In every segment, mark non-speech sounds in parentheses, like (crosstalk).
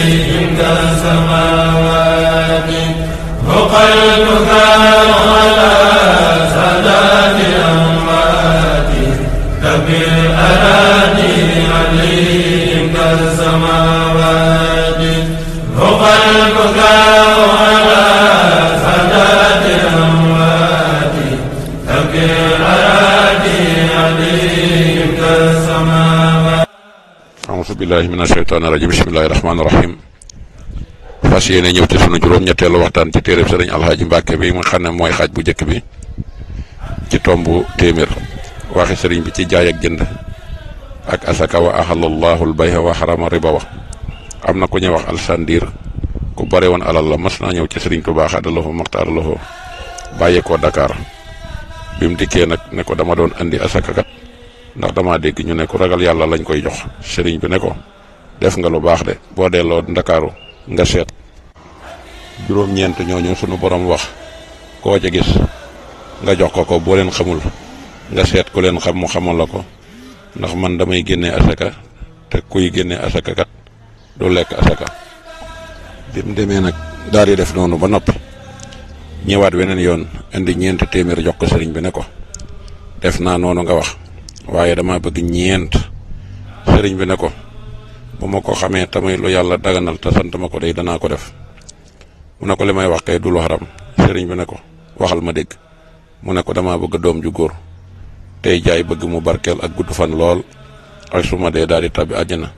عند السماوات هو قلب billahi min asheytaani rajim bismillahi rahmaani rahim fas yéene ñëw ci sunu juróom-ñetteelu waxtaan ci téereb sëriñ alxaaji mbàkke bi mu xam ne mooy xaaj bu njëkk bi ci tombu téeméer waxi sëriñ bi ci jaay ak jënd ak asaka wa ahalallahu albayha wa harama riba wa am na ku ñuy wax alsandiir ku bare woon alal la mas naa ñëw ci sëriñ Tuubaa xaadalofo maxtaaralofo bàyyeekoo Dakar bi mu dikkee nag ne ko dama doon indi asaka kat ndax damaa dégg ñu ne ku ragal yàlla lañ koy jox sëriñ bi ne ko def nga lu baax de boo delloo ndakaaru nga seet juróom-ñeent ñooñu sunu boroom wax koo ca gis nga jox ko ko boo leen xamul nga seet ku leen xam mu xamal la ko ndax man damay génne asaka te kuy génne asaka kat du lekk asaka bi mu demee nag daal di def noonu ba noppi ñëwaat weneen yoon indi ñeent téeméer jox ko sëriñ bi ne ko def naa noonu nga wax waaye dama bëgg ñeent sëriñ bi ne ko bu ma ko xamee tamay lu yàlla daganal te sant ma ko day danaa ko def mu ne ko li may wax kay du lu xaram sëriñ bi ne ko waxal ma dégg mu ne ko dama bëgg doom ju góor tey jaay bëgg mu barkeel ak gudd fan lool su ma dee daal di tabbi àjjana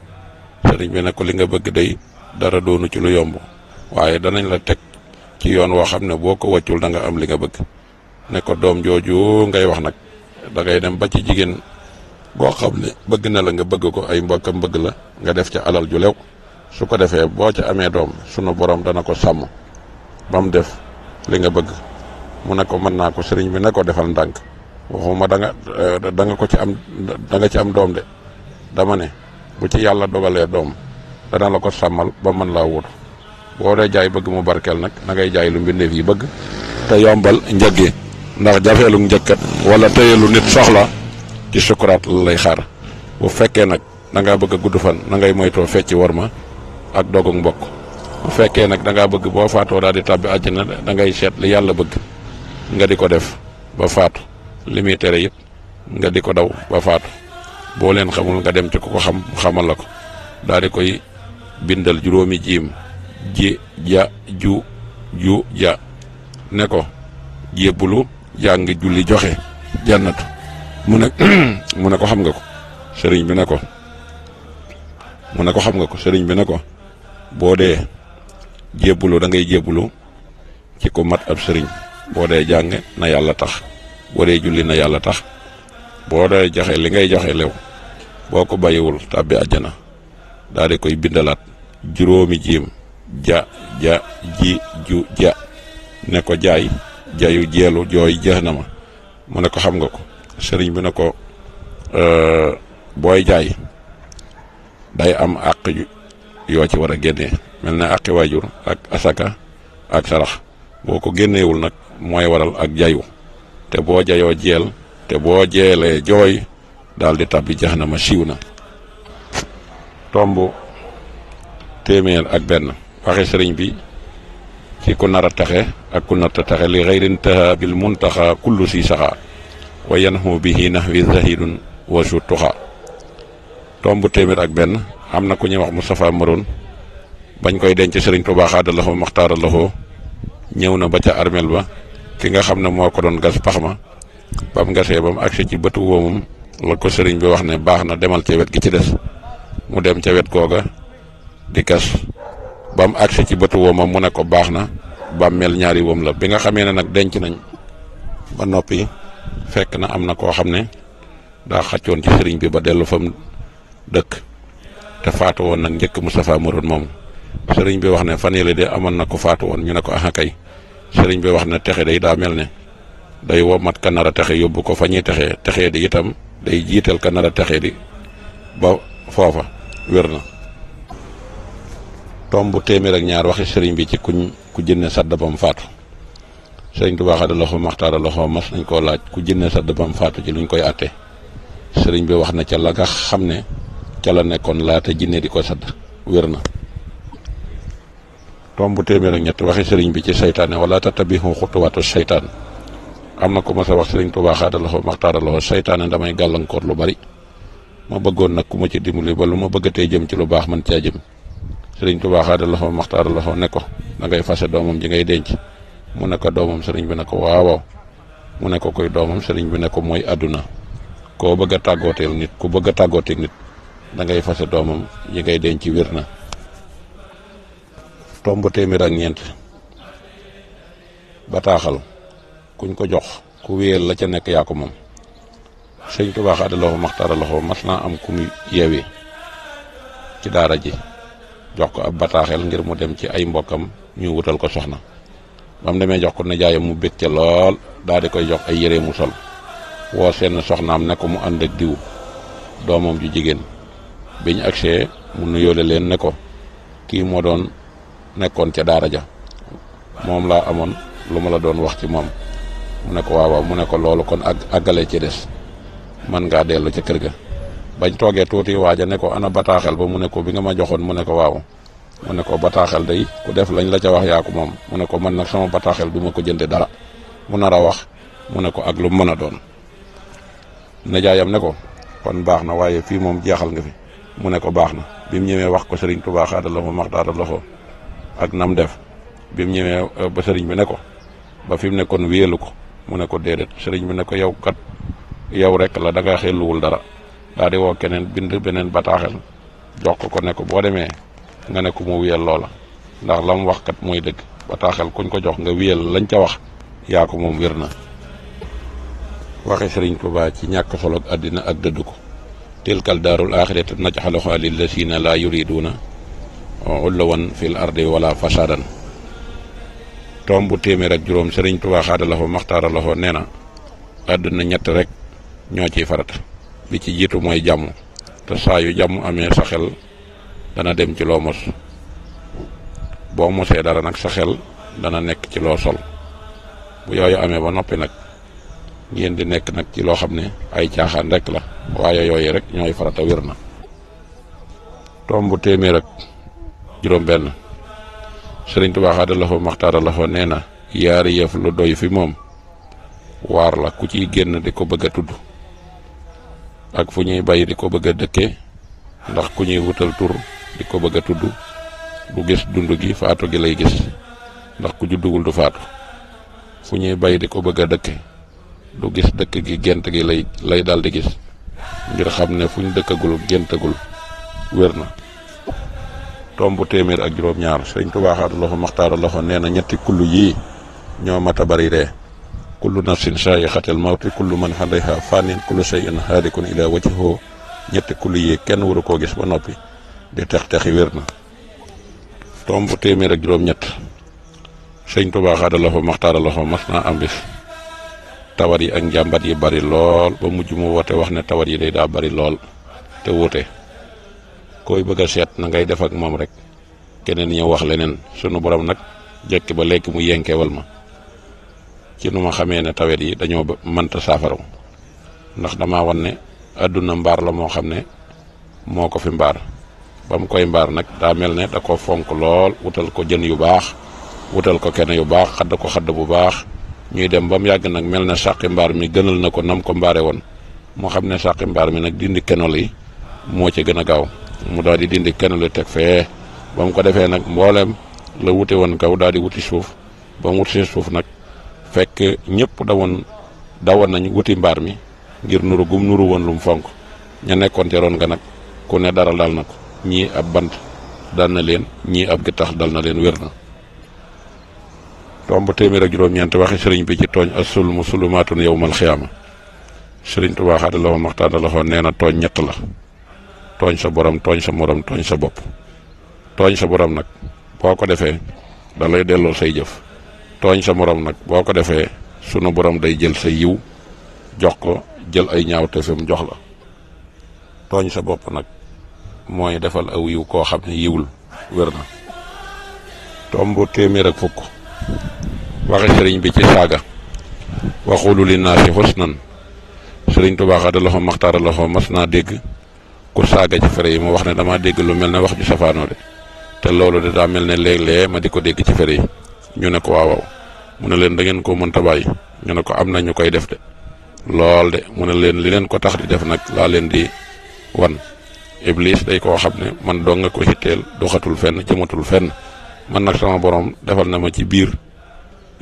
sëriñ bi ne ko li nga bëgg day dara doonu ci lu yomb waaye danañ la teg ci yoon woo xam ne boo ko wàccul da nga am li nga bëgg ne ko doom jooju ngay wax nag da dem ba ci jigéen boo xam ne bëgg na la nga bëgg ko ay mbokkam mbëgg la nga def ca alal ju lew su ko defee boo ca amee doom sunu boroom dana ko sàmm ba mu def li nga bëgg mu ne ko mën naa ko sëriñ bi ne ko defal ndànk waxuma da nga eh, da nga ko ci am da nga ci am doom de dama ne bu ci yàlla dogalee doom dana la ko sàmmal ba mën laa wut boo dee jaay bëgg mu barkeel nag na ngay jaay lu mbindeef yi bëgg te yombal njëg yi ndax jafeelu njëkkat wala téyelu nit soxla ci sukuraat la lay xaar bu fekkee nag da bëgg a gudd fan na ngay moytoo fecc war ma ak dogug mbokk bu fekkee nag da bëgg boo faatoo daal di tàbbi àjjana na dangay seet li yàlla bëgg nga di ko def ba faatu limuy tere it nga di ko daw ba faatu boo leen xamul nga dem ci ku ko xam xamal la ko daal di koy bindal juróomi jiim ji ja ju ju ja ne ko jébbulu jàng julli joxe janatu mu ne (clears throat) mu ne ko xam nga ko sëriñ bi ne ko mu ne ko xam nga ko sëriñ bi ne ko boo dee jébbulu da ngay jébbulu ci ko mat ab sëriñ boo dee jàng na yàlla tax boo dee julli na yàlla tax boo dee joxe li ngay joxe lew boo ko bàyyiwul tàbbi àjjana daal di koy bindalaat juróomi jiim ja ja ji ju ja ne ko jaay jayu jeelu jooy jeex na ma mu ne ko xam nga ko sëriñ bi ne ko euh, booy jaay day am àq yoo ci war a génnee mel na àqi waajur ak asaka ak sarax boo ko génneewul nag mooy waral ak jayu te boo jayoo jeel te boo jeelee jooy daal di na ma siiw na tomb téeméer ak benn waxe sëriñ bi ci ku nara a taxe ak ku narta taxe li xayrin taxa bil muntaxa kullu si saxaa waa wa yanhu bihi nahwi zahidun wa ju tuxa tomb téeméer ak benn am na ku ñuy wax Moustapha Maroon bañ koy denc Serigne Touba xaadalahoo maxtaaralahoo ñëw na ba ca armeel ba ki nga xam ne moo ko doon gas pax ma ba mu gasee ba mu ci bëtu ko sëriñ bi wax ne baax na demal ca wet gi ci des mu dem ca wet googa di gas ba mu ci bëtu woomam mu ne ko baax na ba ñaari woom la bi nga xamee ne nag denc nañ ba noppi fekk na am na koo xam ne daa xàccoon ci sëriñ bi ba dellu fam dëkk te faatu woon nag njëkk Moustapha Mouroune moom sëriñ bi wax ne fan yële de amoon na ko faatu woon ñu ne ko ah kay sëriñ bi wax ne texe day daa mel ne day womat ka nar texe yóbbu ko fa ñuy texee texee di itam day jiital ka nar a texee di ba foofa wér na. tomb téeméer ak ñaar waxi sëriñ bi ci ku jënne sàdd ba mu faatu. sëriñ Tuubaa xada loxo maxtaara loxo mas nañ koo laaj ku jënne sa dëppam faatu ci luñ koy atte sëriñ bi wax na ca la xam ne ca la nekkoon laata jinne di ko sadd wér na tomb téeméer ak ñett waxi sëriñ bi ci seytaane wala tattabihu xutuwaatu seytaan am na ko ma sa wax sëriñ Tuubaa xaada loxo maxtaara loxo damay gàllankoor lu bari ma bëggoon nag ku ma ci dimbali ba lu ma bëggatee jëm ci lu baax man caa jëm sëriñ Tuubaa xaada loxo maxtaara loxo ne ko ngay fase doomam ji ngay denc mu ne doomam sëriñ bi ne ko waawaaw mu ko koy doomam sëriñ bi ne ko mooy àdduna koo bëgg a tàggooteel nit ku bëgg a tàggooteeg nit da ngay fase doomam yi ngay denc ci wér na tomb téeméer ak ñeent bataaxal kuñ ko jox ku wéyal la ca nekk yaa ko moom sëñ Tuubaa xaadaloo loxo mas naa am ku yeewi ci daara ji jox ko ab bataaxel ngir mu dem ci ay mbokkam ñu wutal ko soxna ba mu demee jox ko nijaayam mu bég ca lool daal koy jox ay yére mu sol woo seen soxnaam ne ko mu ànd ak diw doomam ju jigéen bi ñu agsee mu nuyoole leen ne ko kii moo doon nekkoon ca daara ja moom laa amoon lu ma la doon wax ci moom mu ne ko waaw mu ne ko loolu kon ak àggale ci des man ngaa dellu ca kër ga bañ toogee tuuti waaja ne ko ana bataaxel ba mu ne ko bi nga ma joxoon mu ne ko waaw mu ne ko bataaxel day ku def lañ la ca wax yaa moom mu ne ko man nag sama bataaxel ma ko jënde dara mu nar a wax mu ne ko ak lu mën a doon najaayam ne ko kon baax na waaye fii moom jeexal nga fi mu ne ko baax na bi mu wax ko sëriñ Tuubaa xaada loxo maxtaada loxo ak nam def bi mu ñëwee euh, ba sëriñ bi ne ko ba fi mu ne kon wéelu ko mu ne ko déedéet sëriñ bi ne ko yow kat yow rek la da nga xelluwul dara daa di woo keneen bind beneen bataaxel jox ko ko ne ko boo demee nga ne ko mu wiyal loola ndax la mu wax kat mooy dëgg bataaxel kuñ ko jox nga wiyal lañ ca wax yaa ko moom wér na waxe sëriñ Tuubaa ci ñàkk solo ak àddina ak dëdd ko tilkal daarul axirati naj'aluhaa lillaziina laa yuriiduuna uluwwan fil ardi wala fasadan tombu téeméer ak juróom sëriñ Tuubaa xaada la fa maxtaara la fa nee na àdduna ñett rek ñoo ciy farata bi ci jiitu mooy jàmm te saa yu jàmm amee sa dana dem ci loo mos boo mosee dara nag sa xel dana nekk ci loo sol bu yooyu amee ba noppi nag ngeen di nekk nag ci loo xam ne ay caaxaan rek la waaye yooyu rek ñooy farata wér na tomb téeméer ak juróom benn sëriñ Tuubaa xaadalaxo maxtaaralaxo nee na yaari yëf lu doy fi moom waar la ku ciy génn di ko bëgg a tudd ak fu ñuy bay di ko bëgg a dëkke ndax ku ñuy wutal tur di ko bëgg a tudd du gis dund gi faatu gi lay gis ndax ku juddugul du faatu fu ñuy bay di ko bëgg a dëkke du gis dëkk gi gent gi lay lay daal di gis ngir xam ne fu ñu dëkkagul géntagul wér na tomb téeméer ak juróom-ñaar sëriñ Tuubaa xaatu loxo maxtaaru loxo nee na ñetti kullu yii ñoo mat a bari ree kullu nafsin saa'iqatul mawti kullu man alayha faanin kullu shay'in haadikun ilaa wajhihi ñetti kullu yii kenn waru koo gis ba noppi di tex texi wér na tomb téeméer ak juróom-ñett sëñ Tuubaa xaada la fa maxtaara la mas naa am bis tawar yi ak njàmbat yi bari lool ba mujj mu woote wax ne tawar yi day daa bari lool te wuute koy bëgg a seet na ngay def ak moom rek keneen ñëw wax leneen sunu borom nag jekki ba lekk mu yenkewal ma ci nu ma xamee ne tawet yi dañoo mënta saafaraw ndax dama wan ne àdduna mbaar la moo xam ne moo ko fi mbaar ba mu koy mbaar nag daa mel ne da ko fonk lool wutal ko jën yu baax wutal ko kenn yu baax xadd ko xadd bu baax ñuy dem ba mu yàgg nag mel ne sàqi mbaar mi gënal na ko nam ko woon moo xam ne sàqi mbaar mi nag dindi kenol moo ci gën a gaaw mu daal di dindi kenol yi teg fee ba ko defee nag mbooleem la wute woon kaw daal di wuti suuf ba mu wuti nag fekk ñëpp dawoon dawoon nañ wuti mbaar mi ngir nuru gum nuru woon lum fonk ña nekkoon ca roon nga nag ku ne dara dal na ko ñii ab bant dal na leen ñii ab gittax dal na leen wér na tomb téeméer ak juróom-ñeent waxi sëriñ bi ci tooñ asul mu sulumaatun yowmal xiyaama sëriñ Tuubaa xaada la woon waxtaan la xoon nee na tooñ ñett la tooñ sa borom tooñ sa morom tooñ sa bopp tooñ sa borom nag boo ko defee da lay delloo say jëf tooñ sa morom nag boo ko defee sunu borom day jël sa yiw jox ko jël ay ñaaw te fam jox la tooñ sa bopp nag mooy defal aw yiw koo xam ne yiwul wér na tomb téeméer ak fukk waxe sëriñ bi ci saaga waxulu li naa si xusnan sëriñ Tuubaa xaada loxo maxtaara loxo mas naa dégg ku saaga ci fere yi mu wax ne dama dégg lu mel ne wax ju safaanoo de te loolu de daa mel ne léeg-léeg ma di ko dégg ci fere yi ñu ne ko waawaaw mu ne leen da ngeen koo mënta bàyyi ñu ne ko am na ñu koy def de lool de mu ne leen li leen ko tax di def nag laa leen di wan iblis day koo xam ne man dong nga ko xitteel doxatul fenn jëmatul fenn man nag sama borom defal na ma ci biir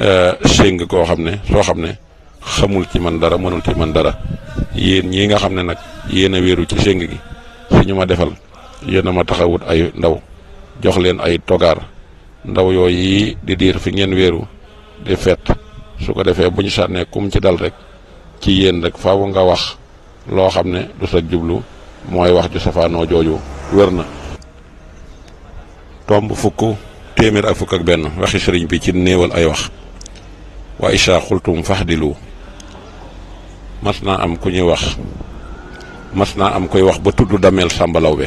euh, séng koo xam ne soo xam ne xamul ci man dara mënul ci man dara yéen ñii nga xam ne nag yéen a wéeru ci sing gi suñu ma defal yéen ma taxawut ay ndaw jox leen ay togaar ndaw yooyu yi di diir fi ngeen wéeru di fet su ko defee bu ñu sànnee kum ci dal rek ci yéen rek fawu nga wax loo xam ne du sa jublu mooy wax ju safaanoo jooju wér na tomb fukk téeméer ak fukk ak benn waxi sëriñ bi ci néewal ay wax wa isha xultum faxdilu mas naa am ku ñuy wax mas naa am koy wax ba tudd dameel sàmbalaw bi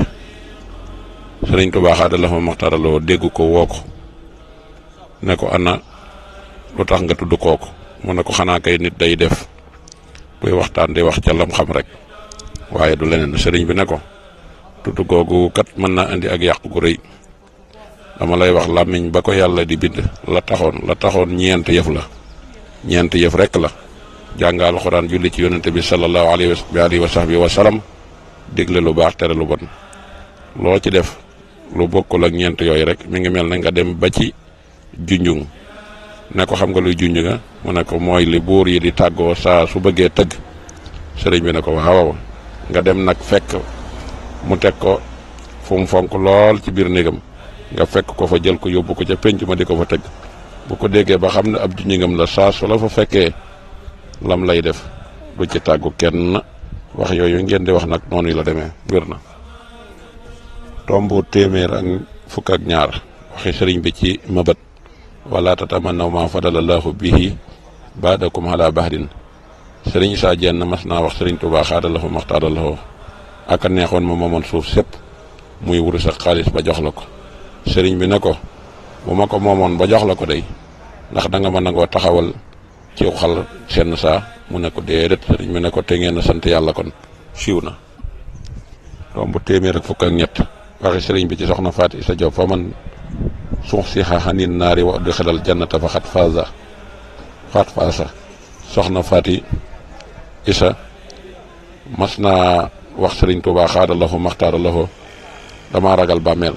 sëriñ Tuubaa xaadalafa maxtaraloo dégg ko woo ko ne ko ana lu tax nga tudd kooku mu ne ko xanaa kay nit day def buy waxtaan di wax ca lam xam rek waaye du leneen sëriñ bi ne ko tutu googu kat mën na indi ak yàq gu rëy dama lay wax làmmiñ ba ko yàlla di bind la taxoon la taxoon ñeent yëf la ñeent yëf rek la jàng alxuraan julli ci yonente bi sallallahu alayhi wa bi wa salam digle lu baax tere lu bon loo ci def lu bokkul ak ñeent yooyu rek mi ngi mel ne nga dem ba ci junjung ne ko xam nga luy junj nga mu mooy li buur yi di tàggoo saa su bëggee tëgg sëriñ bi ne ko nga dem nag fekk mu teg ko fu mu fonk lool ci biir néegam nga fekk ko fa jël ko yóbbu ko ca penc ma di ko fa teg bu ko déggee ba xam ne ab juñingam la saa su la fa fekkee lam lay def du ci tàggu kenn wax yooyu ngeen di wax nag noonu la demee wér na tombu téeméer ak fukk ak ñaar waxi sëriñ bi ci mabat wala tatamannaw ma fadala laahu bihi baadakum ala bahdin sëriñ saa Diène mas naa wax sëriñ Touba xaadalaxu maxtaadalaxu ak aka neexoon ma moomoon suuf sépp muy wurus ak xaalis ba jox la ko sëriñ bi ne ko bu ma ko moomoon ba jox la ko day ndax da nga ma nangoo taxawal ci xal seen saa mu ne ko déedéet sëriñ bi ne ko te ngeen sant yàlla kon siiw na romb téeméer ak fukk ak ñett waxi sëriñ bi ci soxna Faati Isa Diop fa man suux si xaxanin naari wa di xelal jannata fa xat faasa soxna Faati isa mas naa wax sëriñ Tuubaa xaadalaxo maxtaaralaxo damaa ragal bàmmeel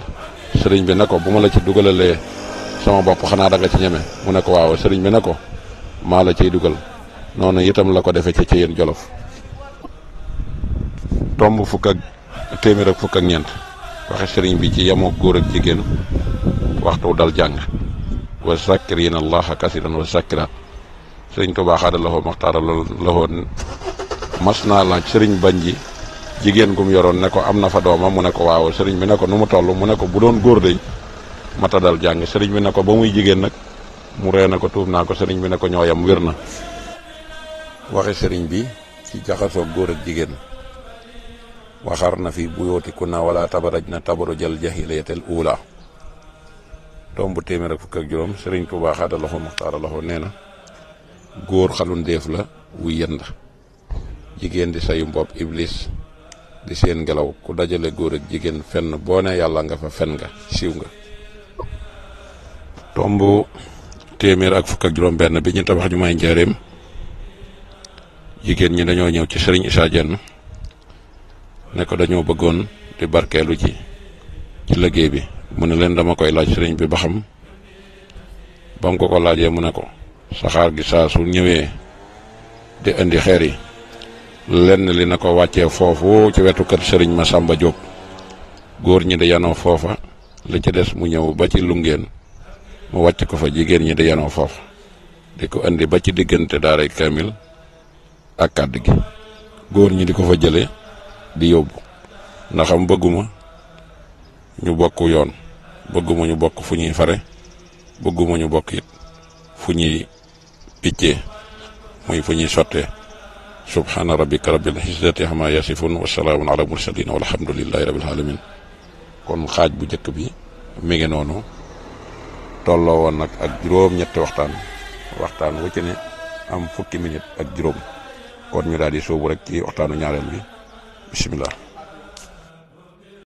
sëriñ bi ne ko bu ma la ci dugalalee sama bopp xanaa da ci ñeme mu ne ko waaw sëriñ bi ne ko maa la ciy dugal noonu itam la ko defee ci ci yéen jolof tomb fukk ak téeméer ak fukk ak ñeent waxe sëriñ bi ci yemoo góor ak jigéen waxtu dal jàng wa zakkiriina allaha kasiran wa sëriñ Tuubaa xaada la xoo maxtaara la xoon mas naa laaj sëriñ Banji jigéen gum yoroon ne ko am na fa dooma mu ne ko waaw sëriñ bi ne ko nu mu toll mu ne ko bu doon góor day mata dal jàng sëriñ bi ne ko ba muy jigéen nag mu ree na ko tuub naa ko sëriñ bi ne ko ñooyam wér na waxe sëriñ bi ci jaxasoo góor ak jigéen waxar na fi buyootikunna wala tabaraj na tabarujal jaxilayatel uula tomb téeméer ak fukk ak juróom sëriñ Tuubaa xaada loxo maxtaara loxo nee na góor xalundeef la wu yend jigéen di sayu mbopp iblis di seen ngelaw ku dajale góor ak jigéen fenn boo ne yàlla nga fa fenn nga siiw nga tomb téeméer ak fukk ak juróom benn bi ñu tabax ñu may njaareem jigéen ñi dañoo ñëw ci sëriñ Issa Diène ne ko dañoo bëggoon di barkeelu ci ci liggéey bi mu ne leen dama koy laaj sëriñ bi ba xam ba ko ko laajee mu ne ko saxaar gi saa su ñëwee di indi xeer yi lenn li na ko wàccee foofu ci wetu kër ma Masamba Diop góor ñi di yanoo foofa li ci des mu ñëw ba ci lungeen mu wàcc ko fa jigéen ñi di yanoo foofa di ko indi ba ci diggante daaray kamil ak kàdd gi góor ñi di ko fa jële di yóbbu ndaxam bëgguma ñu bokk yoon bëgguma ñu bokk fu ñuy fare bëgguma ñu bokk it fu ñuy piccee muy fu ñuy sottee subhaana rabbika rabbil izzati amma yasifun wa salaamun ala mursalin walhamdulillahi rabbil alamin kon xaaj bu njëkk bi mi ngi noonu tolloo woon nag ak juróom-ñetti waxtaan waxtaan wu ci ne am fukki minute ak juróom kon ñu daal di sóobu rek ci waxtaanu ñaareel bi bisimilah.